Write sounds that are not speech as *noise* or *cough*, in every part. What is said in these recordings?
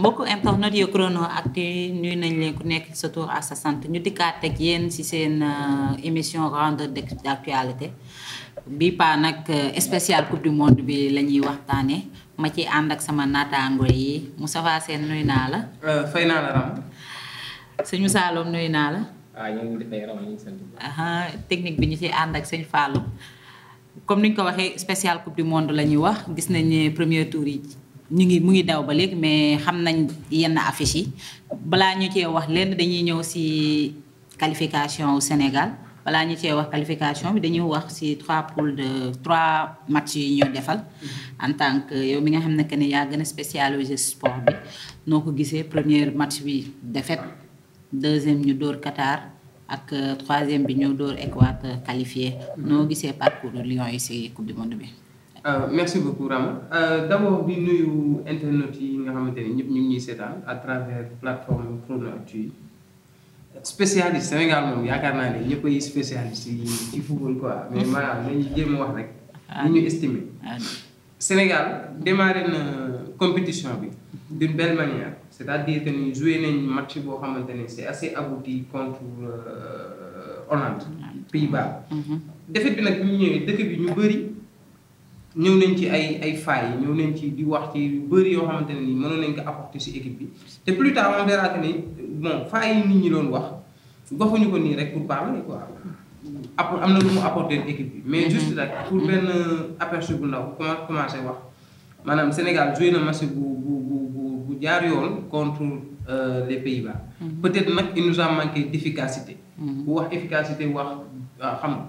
mbokk internet yu chrono actu nuyu nañ leen ku nekk sa tour à sa sant ñu dikkaat teg yéen ci seen euh, émission rendre d'actualité bi paa nag euh, spécial coupe du monde bi la ñuy waxtaanee ma ci ànd ak sama naataango yi mu Sène seen naa la. Euh, fay naa la Rama. sëñu la. Ah, technique bi ñu ci ànd ak sëñ Fallou comme ni ñu ko waxee spécial coupe du monde la ñuy wax gis nañ ne premier tour yi. ñu ngi mu ngi daw ba léegi mais xam nañ yenn affiche yi balaa ñu cee wax lenn dañuy ñëw si qualification au Sénégal balaa ñu cee wax qualification bi dañuy wax si trois poules de trois matchs yi ñu defal mm-hmm. en tant que yow mi nga xam ne que ne yaa gën a spécialisé sport bi noo ko gisee première match bi défaite deuxième ñu dóor Qatar ak euh, troisième bi ñu dóor équate qualifié mm-hmm. noo gisee parcours Lions yi si coupe du monde bi. Euh, merci beaucoup Rama euh, d'abord di nuyu internet yi nga xamante ni ñëpp ñu ngi ñuy seetaan à travers plateforme Chronoactu yi spécialiste Sénégal moom yaakaar naa ne ñëpp ay spécialiste yi ci football quoi mais maanaam nañu jéem wax rek. ñu ñu estimer. Sénégal démarré na compétition bi d'une belle manière c'est-à-dire que ñu joué nañ match boo xamante ne c'est assez abouti contre euh, Hollande Pays-Bas. Mm-hmm. défaite bi nag ñu ñëwee dëkk bi ñu bëri. ñëw nañ ci ay ay failles ñëw nañ ci di wax ci yu bëri yoo xamante ne nii mënoon nañ ko apporter si équipe bi te plus tard on verra que ni bon failles yi nit ñi doon wax waxuñu ko nii rek pour parler quoi. apport am na lu mu apporter équipe bi. mais mm-hmm. juste rek pour benn aperçu bu ndaw comment commencé wax maanaam Sénégal joué na match bu bu bu bu jaar yoon contre euh, les Pays-Bas. Mm-hmm. peut-être nag il nous a manqué d'efficacité. bu mm-hmm. wax efficacité wax xam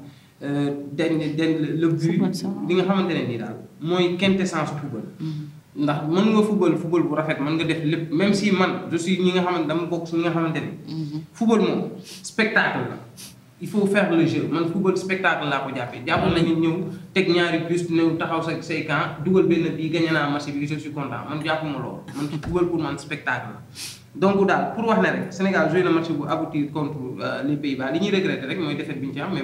dañ ne dañ le but li nga xamante ne nii daal mooy quintessence football. Mm. ndax mën nga football football bu rafet mën nga def lépp même si man je ñi nga xamante dama bokk si ñi nga xamante ne. Mm-hmm. football moom spectacle la. il faut faire le jeu man football spectacle laa ko jàppee jàpp nañu ñëw teg ñaari bus ñëw taxaw sa say camp dugal benn bii gagné naa match bi je suis content man jàppuma lool man football pour man spectacle donc daal pour wax ne rek Sénégal joué na match bu aboutir contre euh, les Pays-Bas li ñuy regretter rek mooy défaite bi ñu ci am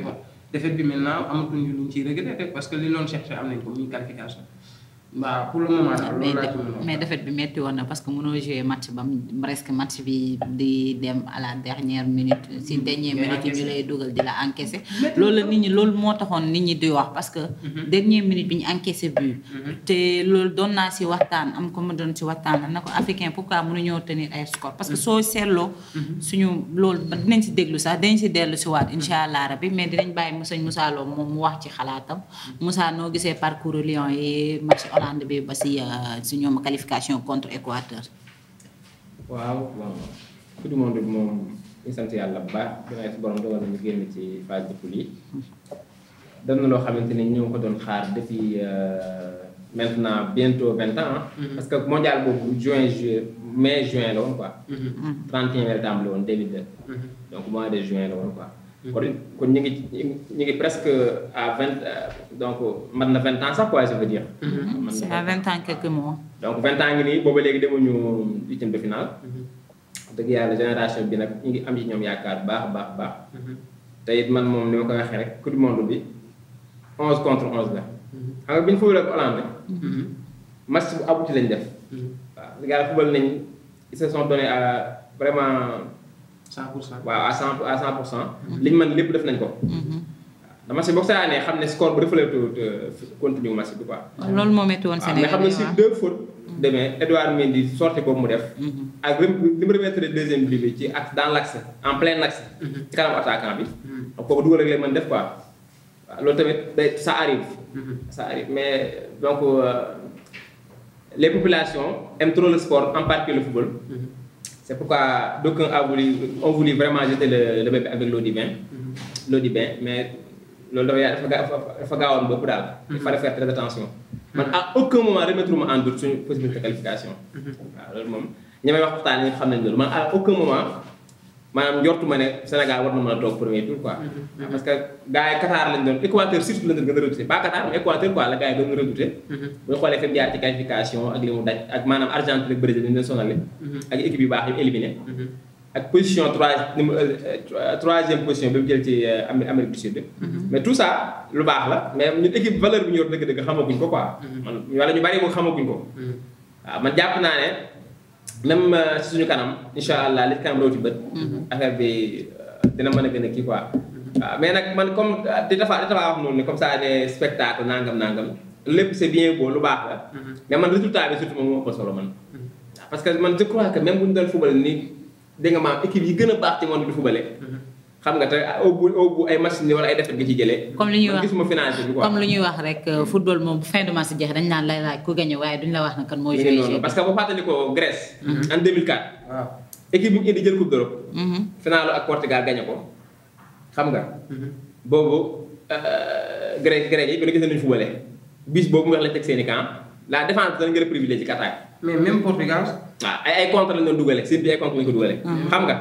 défaite bi maintenant amatuñu lu ñu ciy regretté parce que li ñu doon cherché am nañ ko muy qualification. waaw pour le bi metti woon na parce que mënoo jouer match ba presque match bi di dem à la dernière minute si mm-hmm. dernière minute ñu lay dugal di la encaissé loolu la nit ñi lool moo taxoon nit ñi di wax parce que mm-hmm. dernière minute bi ñu encaissé but mm-hmm. te loolu doon naa si waxtaan am ko ma doon si waxtaan la na ko africain pourquoi mënuñoo tenir ay score parce que soo seetloo ñu lool dinañ si déglu sax dinañ si dellu si waat incha allah rabi mais dinañ bàyyi Moussa Moussa Lo moom mu wax ci xalaatam Moussa noo gisee parcours Lions Hollande bi ba si euh, si ñoom qualification contre Équateur. waaw bon coupe du monde bi moom ñu yàlla bu baax dangay si borom dogal nañu génn ci phase de poule yi dem na loo xamante ni ñoo ko doon xaar depuis euh, maintenant bientôt vingt ans mm-hmm. parce que mondial boobu juin juillet mai juin la woon quoi. 31 mm-hmm. septembre la woon début de. Mm-hmm. donc mois juin la woon quoi. kon ñu ngi ñu ngi presque à vingt euh, donc man na vingt ans sax quoi je veux dire. Mmh. c'est à vingt ans quelques mois. donc vingt ans ngi nii booba léegi demuñu huitième de finale. Mmh. dëgg yàlla génération bi nag ñu ngi am ci ñoom yaakaar baax a baax baax. Mmh. te it man moom ni ma ko waxee rek coupe du monde bi onze contre onze la. xam nga bi ñu football ak Hollande. match bu abouti lañ def. waaw gars yi football nañ ils se sont donnés à vraiment. 100 pour cent à 100 à 100 pour cent. liñ mën lépp def nañ ko. Mhm. dama si boo saanee xam ne score bu reflété euh, continue match bi quoi. loolu moo métti woon Sénégal mais xam ne si deux fautes. Mhm. demee Edouard Mendy sorti boobu mu def. Mhm. ak li mu remettre deuxième bi bi ci axe dans l' axe en plein axe. ci kanam attaquant bi. donc kooku dugal rek lay mën def quoi. waaw loolu tamit day ça arrive. ça arrive mais donc euh, les populations aiment trop le sport en football. C'est pourquoi d'aucuns a voulu, ont voulu vraiment jeter le, le avec l'eau du bain. Mm-hmm. L'eau du bain, mais loolu dafa yaa dafa dafa gaawoon bopp daal. Mm-hmm. il fallait faire très attention. man mm-hmm. à aucun moment remettre ma en doute suñu possibilité de qualification. waaw loolu moom ñi may wax waxtaan yi xam nañ loolu man à aucun moment. maanaam ma ne Sénégal war na mën a toog premier tour quoi. Mhm. parce que gars yi Qatar lañ doon Équateur surtout lañ doon gën a redouté pas Qatar mais Équateur quoi la gars yi doon redouté. Mhm. bu ñu mu jaar ci qualification ak li mu daj ak maanaam Argentine ak mhm. baax yi mu a ak position trois euh, euh, troisième position bi mu jël ci euh, mais tout ça lu baax la mais ñun équipe valeur bi ñu yor dëgg-dëgg xamaguñ ko quoi. man wala ñu bari ko xamaguñ ko. waaw man jàpp naa ne même si suñu kanam incha allah li kanam loo ci bët. affaire bi euh, dina mën a gën a kii quoi. waaw mais nag man comme euh, di dafa di moom ni noonu comme ça ne spectacle nangam nangam lépp c'est bien ko lu baax la. Mhm. mais man résultat bi surtout moom moo ëpp solo man. Mhm. parce que man je crois que même bu ñu doon fubale nii dégg nga gën a baax ci monde bi fubale. Mhm. xam nga te ah, au comme li ñuy wax gisuma financé wax rek euh, football moom fin de match jeex waaye duñ la wax na moo mooy. jugee parce que bu fàttali ko Grèce. en 2004. waaw. équipe bi ñu indi jël coupe d'Europe. final ak Portugal gagné ko xam nga. boobu grec grec yi ba léegi seen nañu footballé bis boobu la teg seen i camp a privilégié ci attaque. mais même ko dugale. xam nga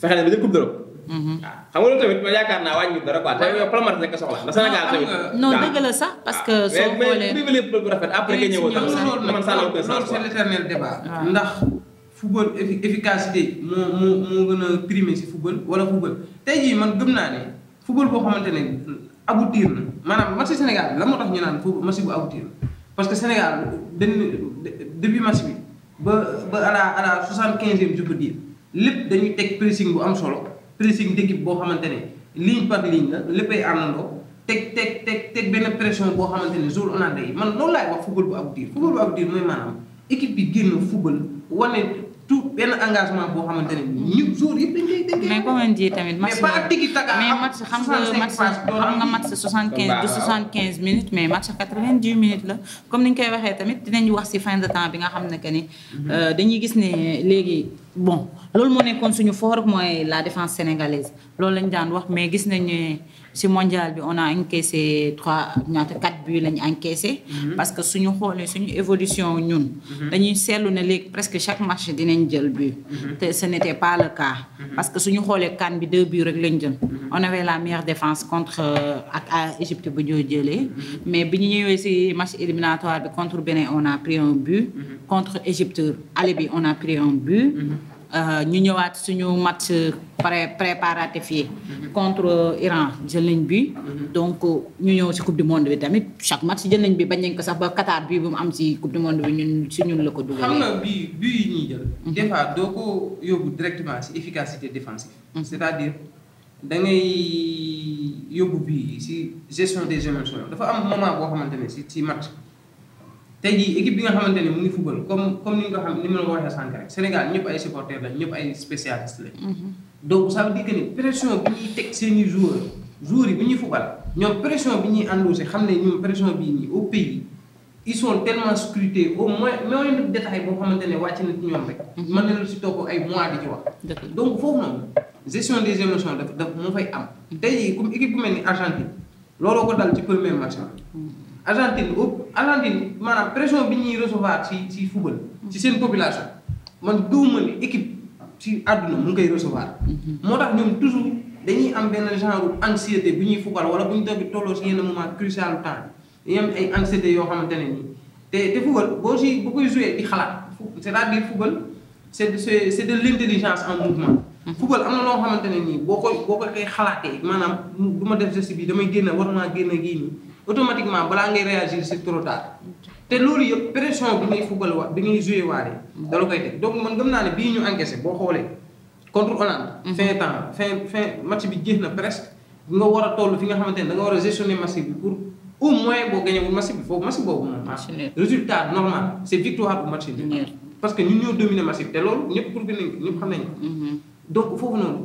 fexe na ba jël coupe d'Europe. waaw xam nga loolu tamit yaakaar naa wàññi dara quoi tey yow palmarès rek soxla ndax Sénégal tamit. non dëgg la sax parce que. soo xoolee mais mais bu rafet après nga ñëwoo. loolu ndax. football efficacité moo moo moo gën a primé si football wala football tey jii man gëm naa ne football boo xamante ne aboutir na maanaam match Sénégal la moo tax ñu naan foofu match bu aboutir na parce que Sénégal dañ début match bi ba ba à la à la soixante quinzième je peux lépp dañuy teg pressing bu am solo pressing d'équipe boo xamante ne ligne par ligne la léppay àndandoo teg teg teg teg benn pression boo xamante ne zone onanda yi man loolu laay wax football bu bi génn football wane. tout benn engagement boo xamante ne ñu jour yëpp dañ koy mais comme ji tamit. match mais match xam nga match xam nga match 75 du minutes mais match 90 minutes la comme ni ñu koy waxee tamit dinañ wax ci fin de temps bi nga xam ne que ni mhm. euh, dañuy gis ne léegi. bon loolu moo nekkoon suñu fort mooy la défense sénégalaise loolu lañ daan wax mais gis nañ ne si mondial bi on a encaissé trois ñaata quatre bu lañ encaissé. Mhm. parce que suñu xoolee suñu évolution ñun. Mhm. dañuy seetlu ne léegi presque chaque marché dinañ jël bu mhm. te ce n' était pas le cas. parce que suñu xoolee CAN bi deux buts rek lañ jël. on avait la meilleure défense contre euh, ak euh, Égypte bu ñu jëlee. mais bi ñu ñëwee si match éliminatoire bi contre Bénin on a prion un contre Égypte aller on a pris un Euh, ñu ñëwaat suñu match pré préparatif yi. Mhm. contre Iran jël bi. Mhm. donc ñu ñëw si coupe du monde bi tamit chaque match jël nañ bi bañ nañ ko sax ba Qatar bii bu mu am si coupe du monde bi ñu si ñun la ko dugalee. xam nga bii bii ñuy jël. Mhm. des doo ko yóbbu directement si efficacité défensive. c'est-à-dire da ngay yóbbu bii si gestion des émotions dafa am moment boo xamante ne si mat tey jii équipe bi nga xamante ne mu ngi football comme comme ni nga ko xam ni ma la ko waxee sànq rek Sénégal ñëpp ay supporters lañ ñëpp ay spécialistes lañ. Mhm. donc ça veut dire ni pression bi ñuy teg seen i joueurs joueurs yi bu ñuy football ñoom pression bi ñuy endossé xam ne ñoom pression bii nii au pays ils sont tellement scrutés au moins moyen de détail boo xamante ne wàcc na ci ñoom rek. Mhm. mën na la si topp ay mois di ci wax. donc foofu noonu gestion des émotions daf daf moo fay am. Mhm. tey jii comme équipe ko dal ci premier match Argentine au Argentine maanaam pression bi ñuy recevoir ci ci football. ci seen population man gëwuma ne équipe ci àdduna mu koy recevoir. Mhm. moo tax ñoom toujours dañuy am benn genre anxiété bu ñuy football wala bu ñu toog tolloo si yenn moment crucial temps dañuy am ay anxiété yoo xamante ne nii te te football boo si bu koy joué di xalaat c'est-à-dire football c'est c'est c'est de l'intelligence en mouvement. Mhm. football am na loo xamante ne nii boo koy boo ko koy xalaatee maanaam du ma def geste bi damay génn war naa génn gii nii. automatiquement balaa ngay réagir c'est trop tard te loolu yëpp pression bi ngay football wa bi ngay joué waale da la koy teg donc man gëm naa ne bii ñu encaissé boo xoolee contre Hollande mhm. fin temps fin fin match bi jeex na presque nga war a toll fi nga xamante ne da war a gestionner match bi pour au moins boo gañewul match bi foofu match boobu moom ah, résultat normal c'est victoire bu match parce que ñun ñoo dominer match bi te loolu ñëpp pour que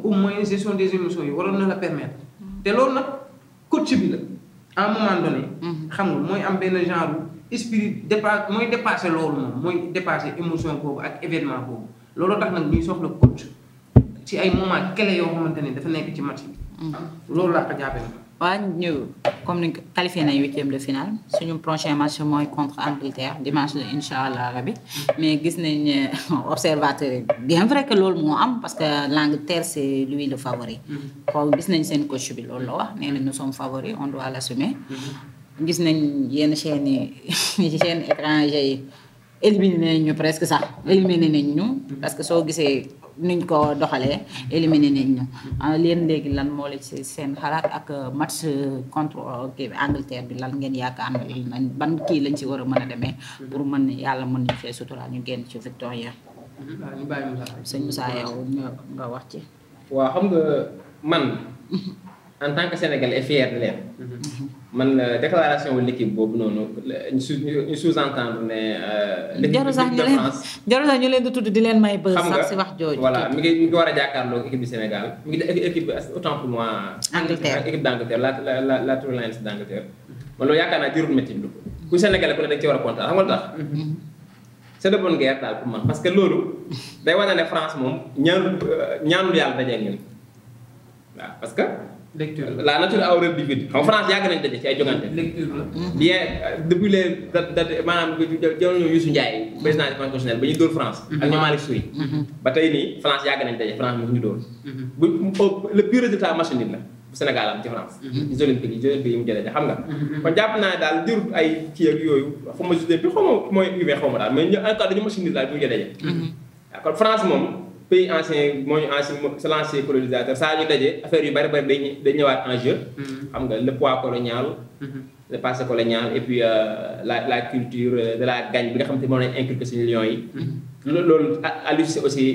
mhm. des émotions yi waroon na la permettre mhm. te loolu nag coach am un moment donné. xam nga mooy am benn genre esprit dépasse mooy dépassé loolu moom mooy dépassé émotion boobu ak événement boobu looloo tax nag ñuy soxla coach ci ay moment clé yoo xamante ne dafa nekk ci match bi. Mm-hmm. loolu laa ko jàppee waaw ñëw comme ni qualifié nañ huitième de finale suñu prochain match mooy contre Angleterre dimanche la incha allah rabi mais gis nañ euh, observateur yi bien vrai que loolu moo am parce que l'Angleterre c'est lui le favori. xaw gis nañ seen coach bi loolu la wax nee na nous sommes favoris on doit l'assumer. gis nañ yenn chaîne yi *laughs* chaîne étranger yi éliminé nañ ñu presque sax éliminé nañ ñu parce que soo gisee. nuñ ko doxalee éliminé nañ ñu leen ah, léegi lan moo la ci seen xalaat ak euh, match contre euh, kii Angleterre bi lan ngeen yaakaar nañ ban kii lañ ci war a mën a demee pour mën yàlla mën nañ fee suturaal ñu génn ci victoire sëñ Moussa yow nga wax ci waaw xam nga man en tant que sénégalais fier leen man euh, déclaration wu l'équipe boobu noonu ñu sous-entendre ne. Euh, jarul sax ñu leen jarul sax di tudd di leen may bës sax si wax jooju. voilà mi ngi mi ngi war a jàkkaarloo équipe du Sénégal mu ngi équipe autant pour moi. Angleterre équipe d' Angleterre la la la la Tour Lions d' Angleterre. man loolu yaakaar naa jurul métti lu ku Sénégal ku ne da nga ci war a kontaan xam nga lu tax. Mm-hmm. c' est de bonne guerre daal pour man parce que loolu. day wane ne France moom ñaanu euh, ñaanul yàlla dajeeg ñun waaw parce que. lecture la nature a horreur du vide. France yàgg nañ daje ci ay jogante. Mm-hmm. bien depuis les dates maanaam ba ñu dóor France. Mm-hmm. ak ñoom Malick Souris. Mm-hmm. ba tey nii France yàgg nañ daje France moom ñu dóor. bu le résultat machine la. Sénégal am ci France. ci olympique yi ci olympique yi mu jëlee xam nga. kon jàpp naa daal jur ay kii ak yooyu xaw ma juddee bi xaw ma mooy UV xaw ma daal mais ñu en tout cas dañu machine daal bu ñu jëlee. kon France moom. pays ancien moo ñu ancien c'est l'ancien colonisateur saa ñu dajee affaire yu bari bari dañuy dañ ñëwaat en mm-hmm. xam nga le poids colonial. Mm-hmm. le passé colonial et puis euh, la la culture de la gagne bi nga xam te moom lañ inculqué suñu lions yi. Mm-hmm. loolu Aliou Cissé aussi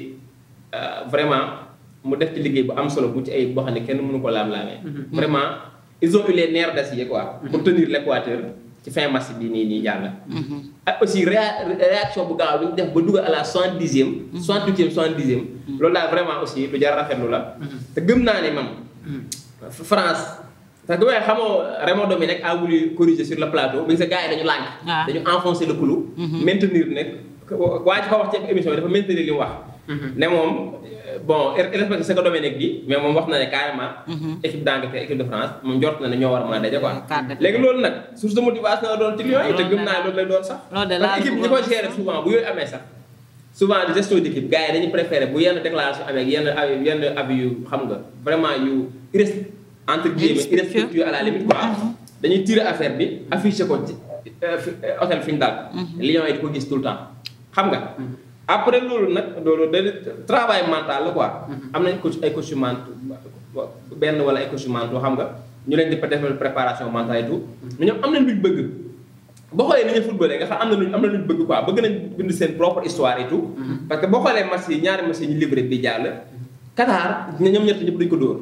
euh, vraiment mu def ci liggéey bu am solo bu ci ay boo xam ne kenn mënu ko laam-laamee. vraiment ils ont eu les nerfs d'acier quoi. pour tenir l'équateur ci fin match bi nii nii jàll. Mhm. ak aussi réaction bu gaaw bi ñu def ba dugal à la soixante dixième. Mhm. soixante huitième soixante dixième. Mhm. loolu daal vraiment aussi lu jar rafetlu la. te gëm naa ne man. France parce que waaye xamoo Raymond Domenech a voulu corriger sur le plateau bi nga gars yi dañu lànk. Ah. dañu enfoncer le clou. maintenir nag waa ci ko wax ci émission bi dafa maintenir li wax. Mhm. ne moom bon respecté sa ko Dominique bi mais moom wax na ne carrément. Mhm. équipe d'Angleterre équipe de France moom jort na ne ñoo war a mën a daje quoi. léegi loolu nag source de motivation la doon ci yooyu doon sax. parce que yu mhm. bi ko euh, fi ñu euh, daal. Lions yi di gis tout le temps xam nga. après loolu nag loolu da travail mental la quoi. Mhm. am nañ coach ay coach mental benn wala ay coach mental xam nga ñu leen di defal préparation mentale et tout. Mhm. mais ñoom am nañ lu ñu bëgg. boo xoolee ni ñu footballé nga xam am na lu am na lu ñu bëgg quoi bëgg nañ bind seen propre histoire et tout. Mhm. parce que boo xoolee match yi ñaari match yi ñu livré bi jàll. Qatar ñoom ñett ñëpp duñ ko dóor.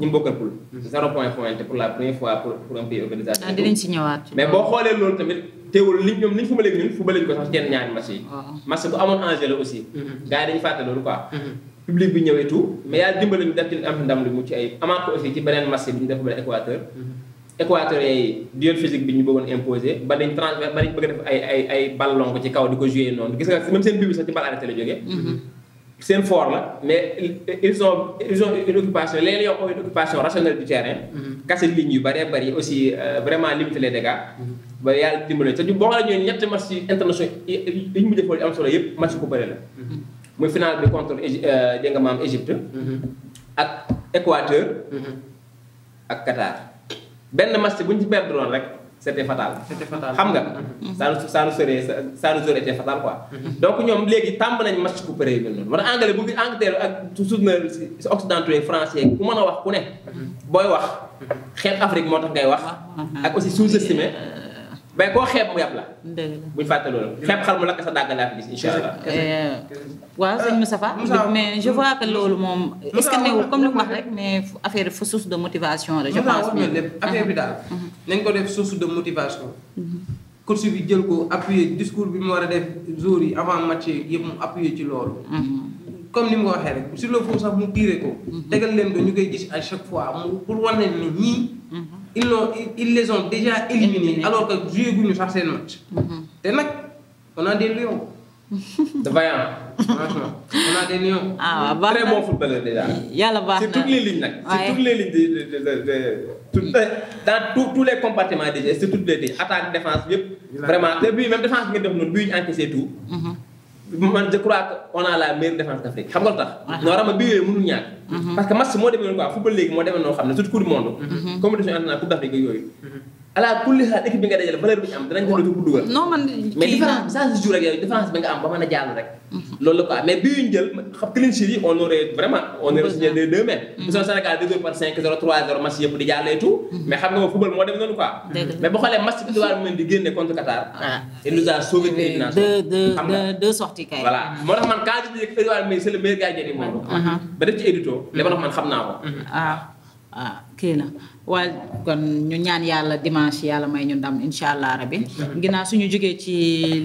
ñu bokkal poule. zéro point pointé pour la première fois pour pour pays organisation. Ah, mais boo xoolee loolu tamit. teewul li ñoom li ñu fu ma léegi ñun fu ba lañ ko sax kenn ñaari match yi ah. match bu amoon enjeu la aussi mm-hmm. gars yi dañu fàtte loolu quoi mm-hmm. public bi ñëw et tout mais yàlla dimbali ñu def ci am ndam lu mucc ayib amaat ko aussi ci beneen match bi ñu def ba Équateur mm-hmm. Équateur yi duel physique bi ñu bëggoon imposé ba dañ transfert ba dañ bëgg a def ay ay ay ballon ko ci kaw di ko joué noonu gis nga même seen biir bi sax ci bal arrêté la jógee seen fort la mais ils ont ils ont une occupation léeg-léeg yoo xam une occupation rationnelle du terrain casser ligne yu bëree bëri aussi euh, vraiment limiter les dégâts ba yàlla dimbale te boo xam ne ñooy ñetti match yi international yi ñu mujj solo yëpp match ku bëri la. Mhm. muy bi contre euh, dégg nga maam mhm. ak Équateur. Mhm. ak Qatar. benn match bu ñu ci perdre woon rek c' était fatal. xam nga. ça nous ça nous serait ça nous aurait été fatal quoi. donc ñoom léegi tàmb nañ match ku bëri yu mel noonu. wala anglais bu ngi Angleterre ak toujours na si occidentaux yi français ku mën a wax ku ne. booy wax xeet Afrique moo tax ngay wax. Ah, ah, ah. ak aussi sous-estimé. Euh, bay koo xeeb mu yab la. dëgg la buñ fàtte loolu xeeb xar mu lakk sa eh, euh, mais je vois que loolu moom. est ce que newul comme li mu wax rek mais affaire fa source de motivation la. je pense que lépp mhm. affaire bi daal. Mhm. nañ ko def source de motivation. Mhm. course bi jël ko appuyer discours bi mu war a def jour yi avant match yëpp mu appuyer ci loolu. comme ni mu ko waxee rek si le fond sax mu tiire ko. tegal leen ko ñu koy gis à chaque fois mu pour wane ni ñii. ils l'ont ils les ont déjà éliminés alors que joué guñu sax seen match. Mhm. te nag on a des lions. de vaillants franchement on a des lions. ah waaw très bon footballeur déjà. yàlla baax na c'est toutes les lignes nag. waaye c'est toutes les lignes de de de de tout dans tous les compartiments déjà c'est toutes les lignes attaque défense yëpp. vraiment te bii même défense bi nga def noonu bii ñu encaissé tout. Mhm. man je crois que on a la meilleure défense d'Afrique xam nga lu tax. non yooyu mënul ñàkk. Mhm. parce que match moo demee noonu quoi football léegi moo demee noonu xam ne surtout coupe du monde. Mhm. compétition internationale coupe d'Afrique yooyu. Mhm. ala kulli xaal équipe bi nga dajale valeur bi ñu am dinañ ko doon dugal. non man mais différence saa si jour ak yooyu différence bi nga am ba mën a jàll rek. Mhm. loolu la quoi mais bii yu ñu jël xam clean sheet yi on aurait vraiment on aurait signé les deux mais. bu soobee Sénégal deux heures par cinq zéro trois zéro match yëpp di jàllee tout. Mhm. mais xam nga football moo dem noonu quoi. mais boo xoolee match bi Edouard Mendy di génne contre Qatar. ah il nous a sauvé de élimination. deux deux deux sorties kay. voilà moo tax man quand je dis que Edouard Mendy c'est le meilleur gardien du monde. Mhm. ba def ci édito li ma wax man xam naa ko. Ah. ah kii na waa kon ñu ñaan yàlla dimanche yàlla may ñu ndam incha allah rabi ginnaaw suñu jógee ci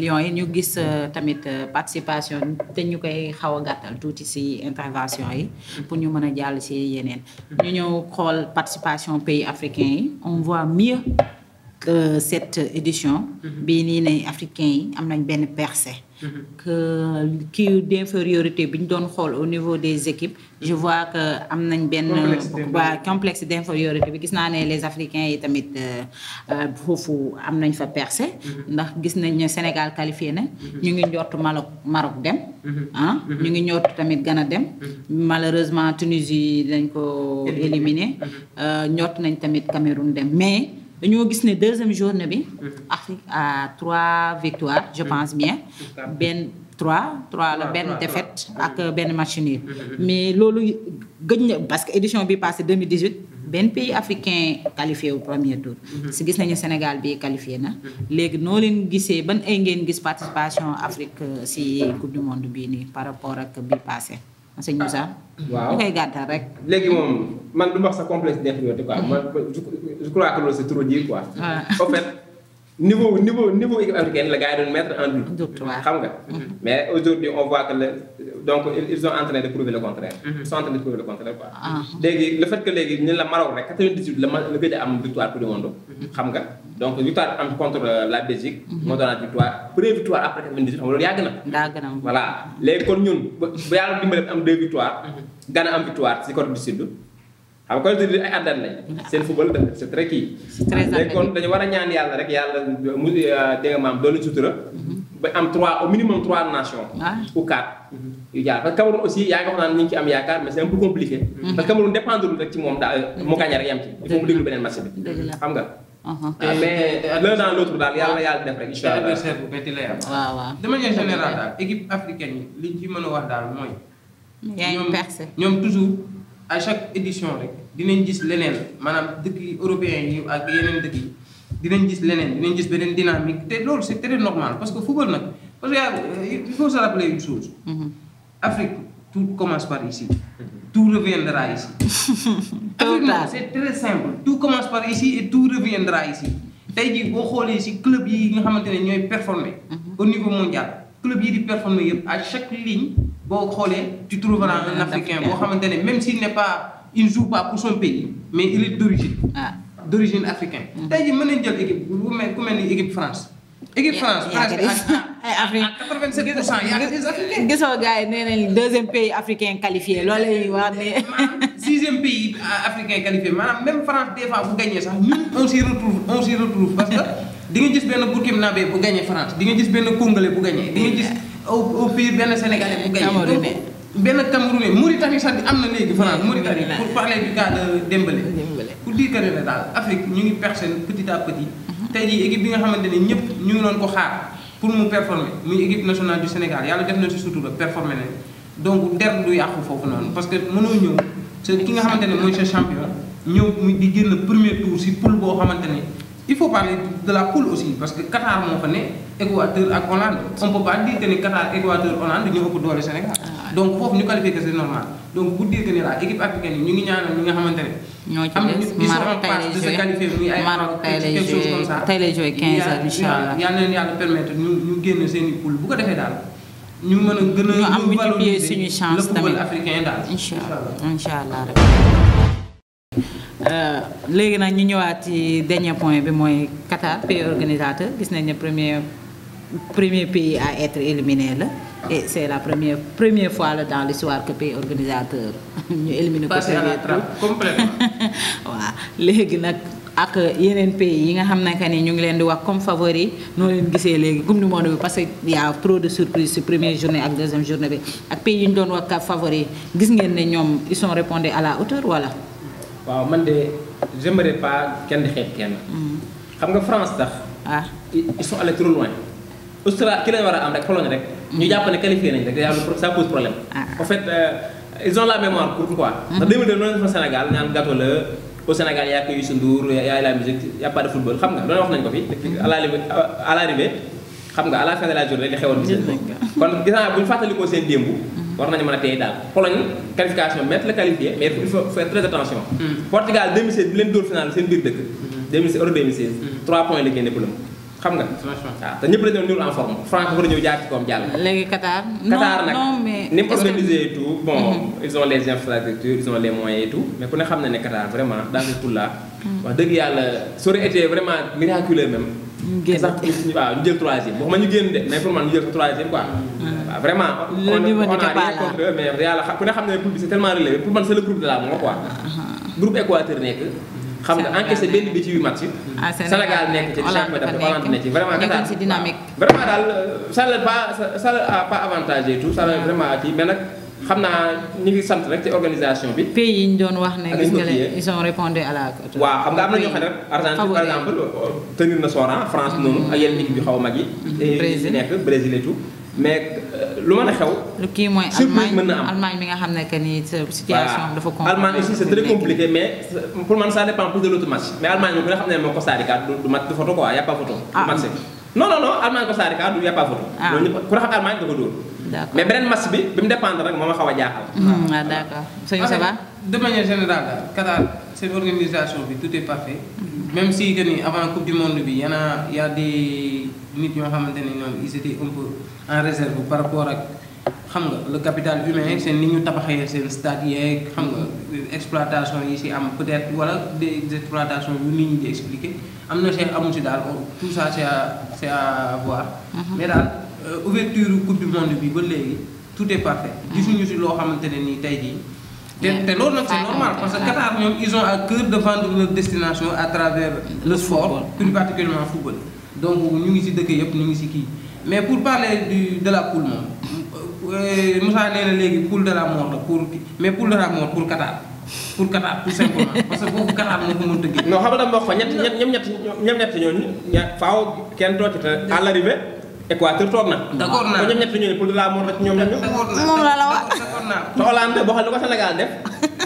Lions yi ñu gis euh, tamit euh, participation te ñu koy xaw a gàttal tuuti si intervention yi pour ñu mën a jàll si yeneen ñu ñëw xool participation pays africain yi on voit mieux que cette édition mm-hmm. bii nii ne africain yi am nañ benn percée que kii d'infériorité bi ñu doon xool au niveau des équipes je vois que am nañ benn waa complexe d'infériorité bi gis naa ne les africains yi tamit euh, euh, foofu am nañ fa percé mm-hmm. ndax gis nañ ne Sénégal qualifié na mm-hmm. ñu ngi njortu Maroc Maroc dem mm-hmm. ah ñu ngi njortu tamit Ghana dem malheureusement Tunisie dañ ko éliminé euh, njort nañ tamit Cameroun dem mais dañoo gis ne deuxième journée bi. Mhm. Afrique a trois victoires je pense bien. Mhm. benn trois trois la benn défaite ak mhm. benn match nul. mais loolu gëj na parce que édition bi passé 2018. benn pays africain qualifié wu premier tour. si gis nañu Sénégal bi qualifié na. léegi noo leen gisee ban ay ngeen gis participation Afrique euh, si coupe du monde bii nii par rapport ak bi passé. sëñ Moussa. waaw ñu koy gàttal rek. léegi moom man du ma wax sa complexe d'infériorité quoi man je crois que loolu c'est trop dire quoi. Ah. en fait. niveau niveau niveau équipe africaine la gars yi doon mettre en doute xam nga mm-hmm. mais aujourd'hui on voit le donc ils sont en de prouver le contraire mm-hmm. ils sont en train de prouver le contraire quoi ah. léegi le fait que la Maroc rek 98 la la gëj a am victoire coupe du monde mm-hmm. xam nga donc victoire am contre euh, la Belgique moo doonaat victoire première victoire après 98 xam nga loolu yàgg na xam nga Corée du euh, mhm. mhm. daal mhm. uh-huh. ah, yàlla def rek. incha allah adversaire bu daal équipe africaine yi liñ ci mën wax daal mooy. yaa ngi ñoom toujours. à chaque édition rek dinañ gis leneen maanaam dëkk yi européens yi ak yeneen dëkk yi dinañ gis leneen dinañ gis beneen dynamique te loolu c'est très normal parce que football nag parce que euh, il faut se rappeler une chose. Mm-hmm. Afrique tout commence par ici. tout reviendra ici. *laughs* Afrique nag c'est très simple tout commence par ici et tout reviendra ici tey jii boo xoolee ci club yi nga xamante ne ñooy performer mm-hmm. au niveau mondial club yi di performer yëpp à chaque ligne. boo xoolee tu trouveras africain boo xamante ne même s'il n'est pas il ne joue pas pour son pays mais il est ah. mm. bu mel ku mel nee nañ deuxième pays africain qualifié loolu la ñuy wax ne sixième pays africain qualifié bu gagné que nga gis benn Burkinabé bu gagné France di nga gis benn Congolais bu gagné di nga gis au au pire benn sénégalais bu gañe. Camerounais benn Camerounais Mauritanie sax am na léegi France Mauritanie pour parler du cas de Dembélé. Dembélé pour dire que ne daal Afrique ñu ngi percer petit à petit. Mhm. tey jii équipe bi nga xamante ne ñëpp ñu ngi doon ko xaar pour mu performer muy équipe nationale du Sénégal yàlla def na ci sutura performer nañ donc der du yàqu foofu noonu parce que mënoo ñëw. te ki nga xamante ne mooy sa champion ñëw di génn premier tour si poule boo xamante ne. il faut parler de la poule aussi parce que Qatar moo fa ne Équateur ak Hollande on peut pas dire que ni Qatar Équateur Hollande ñoo ëpp doole Sénégal ah. donc foofu ñu qualifié que c'est normal donc pour dire que ni la équipe africaine yi ñu ngi ñaanal ñi nga xamante ne. ñoo ci des Maroc tey lay joué Maroc tey lay joué tey yàlla permettre ñu génn seen i poule bu ko defee daal. ñu mën a gën a ñu valoriser suñu chance tamit le football africain daal incha Euh, léegi nag ñu ñëwaat ci dernier point bi mooy Qatar pays organisateur gis nañ ne premier premier pays à être éliminé la et c' est la première première fois la dans l'histoire que pays organisateur *laughs* ñu éliminé ko premier tour complètement *laughs* waaw léegi nag ak yeneen yi nga xam ne ni ñu ngi leen di wax comme favori gisee léegi coupe du monde bi parce que y a trop de surprise ci première journée ak deuxième journée bi ak pays yi ñu doon wax favori gis ngeen ne ñoom ils sont répondé à la hauteur wala waaw man de j'aimerais pas kenn di xeeb kenn. Mm-hmm. xam nga France sax. ah ils sont allés trop ki lañ war a am rek Pologne rek. ñu mm-hmm. jàppale ne qualifié nañ rek ça pose problème. Ah. en fait euh, ils ont la mémoire courte quoi. Mm-hmm. ndax 2002 noonu yaa ko Youssou y' a pas de football xam nga loolu wax nañ ko fi. à l'arrivée à xam nga à la fin de la journée li xewoon. gis nañ ko kon gis naa fàttalikoo seen démb. war nañu mën a téye daal Pologne qualification mettre la qualifié mais il faut faire très attention. Hmm. Portugal 2016 bi leen dóor final seen biir dëkk. 2016 hmm. euro 2016. 3 hmm. points la génne xam nga. waaw te ñëpp la ñu en forme France war a ñëw jaar ci koom jàll. léegi Qatar. Qatar nag ni mu tout bon ils ont les infrastructures ils ont les moyens tout mais ku ne xam ne Qatar vraiment dans ce tour wax dëgg yàlla ça aurait été vraiment miraculeux génn sax waaw ñu jël troisième waxuma ñu génn de mais pour man ñu jël troisième quoi. Ah. waaw vraiment. le niveau de départ la mais yàlla ku ne xam ne groupe bi c'est tellement relevé pour man c'est le groupe de la mort quoi. Ah. groupe Équateur nekk. xam nga encaissé benn bi ci huit match. ah Sénégal nekk ci championnat dafa Hollande nekk ci vraiment. nekkoon ci dynamique. vraiment daal euh, ça pas ça pas avantagé tout ça ah. vraiment kii mais xam naa ñu ngi sant rek ci bi. pays yi ñu doon wax ne nga xam ne na score France noonu mm-hmm. ak yeneen équipe yu xaw a mag yi. Mm-hmm. Brésil nekk Brésil et tout euh, a xew. lu kii mooy Allemagne mën na du ah. match du ah. ku raxas Allemagne ko dóor. mais beneen match bi bi mu dépendre rek moo ma xaw a jaaxal. Hmm, waaw ah, d' accord sëñ bi ça seen organisation bi tout est parfait. même si que ni avant coupe du monde bi y' a y' a des nit ñoo xamante ne ñoom ils étaient un peu en réserve par rapport ak xam nga le capital humain seen ni ñu tabaxee seen stade yeeg xam nga exploitation yi si am peut être wala des exploitations yu nit ñi di expliqué am na seen amu si daal tout ça c' est à c' est mm-hmm. mais daal. Euh, ouverture coupe du bi ba léegi tout est parfait. Mm. gisuñu si loo xamante ne ni tey jii. te te loolu nag c'est ah, normal ah, parce que ah. Qatar ñoom ils ont à cœur de vendre destination à travers le sport plus particulièrement football. donc ñu ngi si dëkk yëpp ñu ngi si kii mais pour parler du de la poule moom euh, Moussa nee léegi poule de la mort la pour mais poule de la mort pour Qatar. pour Qatar tout simplement *laughs* parce que foofu Qatar moo tëggee. non xam Équateur toog na. d'accord naa ñoom ñett ñu ne pour de la mort rek ñoom ñoom. d'accord naa moom la la wax. d'accord naa te Hollande boo xam ne lu ko Sénégal def.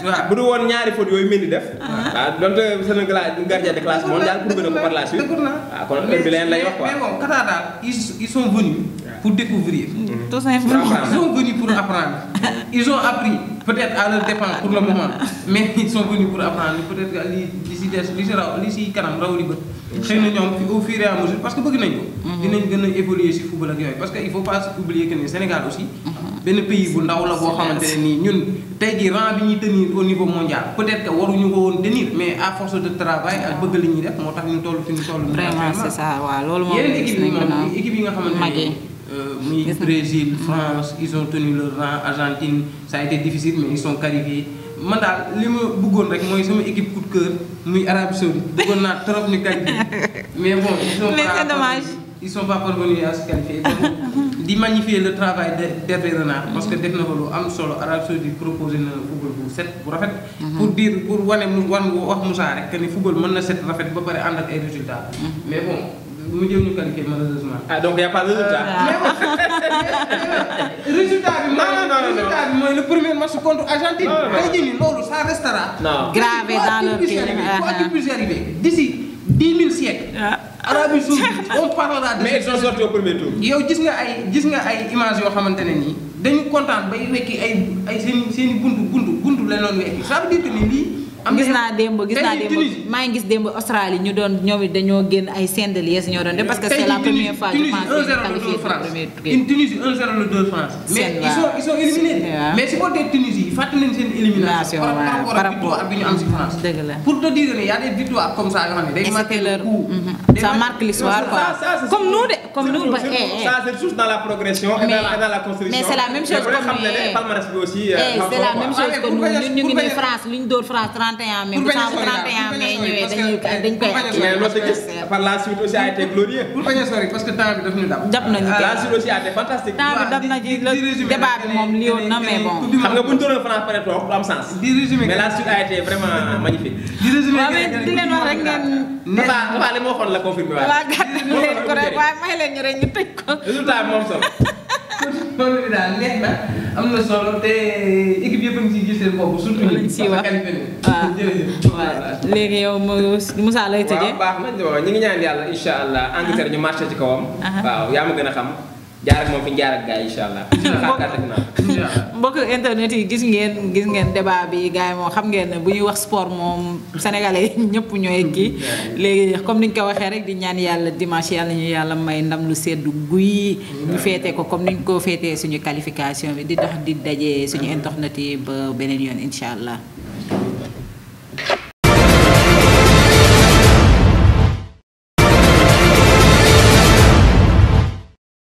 waa bu du woon ñaari faute yooyu mel ni def. Ah. waaw donte Sénégal gardien de classe mondial pour gën a ko ah, bi leen lay wax quoi. mais bon Qatar daal ils sont venus pour découvrir. Mm-hmm. tout simplement ils sont venus pour apprendre. ils ont appris peut-être à leur dépens pour le mais ils sont venus pour apprendre peut-être li si des li si raw li si kanam raw li bët. Mm-hmm. xëy na ñoom au fur à mesure parce que bëgg nañ ko. Mm-hmm. dinañ gën a évoluer si football ak yooyu parce que il faut benn pays bu ndaw la boo xamante ne nii ñun tey jii rang bi ñuy tenir au niveau mondial peut-être que waruñu ko woon tenir mais à force de travail ak bëgg li ñuy def moo tax ñu toll fi ñu toll. vraiment c'est ça waaw loolu moom yeneen équipe yi moom équipe yi nga xamante ne euh, muy Brésil France ils ont tenu le rang Argentine ça a été difficile mais ils sont qualifiés man daal li ma bëggoon rek mooy sama équipe coup de cœur muy Arabie Saoudite bëggoon naa trop ñu qualifié *laughs* mais bon. ils sont pas ils sont pas parvenus à se qualifier donc. di magnifier le travail d'Hervé Renard parce que def na fa lu am solo Arabie Saoudite proposé na football bu set bu rafet pour dire pour wane mu wan wax Moussa rek que ni football mën na set rafet ba pare ànd ak ay résultats mais bon mu jëm ñu qualifié malheureusement ah donc y a pas résultat bi maanaam bi mooy le premier match contre Argentine tey jii nii loolu ça restera gravé dans leur cœur d'ici dix mille siècles Arabie Saoudite on parlera de. mais ils sont sortis au premier yow gis nga ay gis nga ay images yoo xamante ne nii dañu kontaan bay wekki ay ay seen seen i buntu buntu buntu la noonu wekki ça ni lii. am gis naa démb gis naa démb maa ngi gis démb Australie ñu doon ñoom dañoo génn ay seen de liesse ñoo doon def parce que la première fois je pense que ñu qualifié pour premier tour. Tunisie 1 la mais ils sont ils sont éliminés. mais Tunisie yi fàttali nañ seen élimination. par rapport ak bi ñu la pour te dire comme ça de. comme nous. Eh, eh. ça c'est toujours dans la progression. et dans la construction mais c'est la même chose comme ni palmarès bi aussi. Eh, euh, c'est la même chose ah, que ñun ñu ngi ne France lu ñu dóor France 31 mai. bu saabu 31 mai ñëwee dañuy dañ koy mais loolu gis par la suite aussi a été glorieux. pour bañ a sori parce que temps bi daf ñu dab. dab nañu ah, la suite aussi a été fantastique. temps bi dab na ci débat bi moom li yoon na mais bon. xam nga bu ñu dóoroon France pare toog du am sens. di résumé mais la suite a été vraiment magnifique. di résumé di leen wax rek ngeen. li ma waxoon la confirmé waaye. leen ñu rek ñu moom solo. loolu na solo te équipe yëpp a ngi ciy gis seen bopp surtout ñu ci wax waaw ah. *laughs* léegi yow Moussa lay tëjee. waaw baax na ngi ñaan yàlla incha allah Angleterre ñu marché ci kawam. waaw yaa ma gën a xam. jaar ak moom fi ñu jaar yi *laughs* incha allah. mbokk internet yi gis ngeen gis ngeen débat bi gars yi moom xam ngeen ne bu ñuy wax sport moom sénégalais *laughs* ñëpp ñooy kii. *laughs* léegi comme ni ñu ko waxee rek di ñaan yàlla dimanche yàlla ñu yàlla may ndam lu seddu guy. ñu féete ko comme ni ñu ko féetee suñu qualification bi di dox di daje suñu internet yi ba beneen yoon incha allah.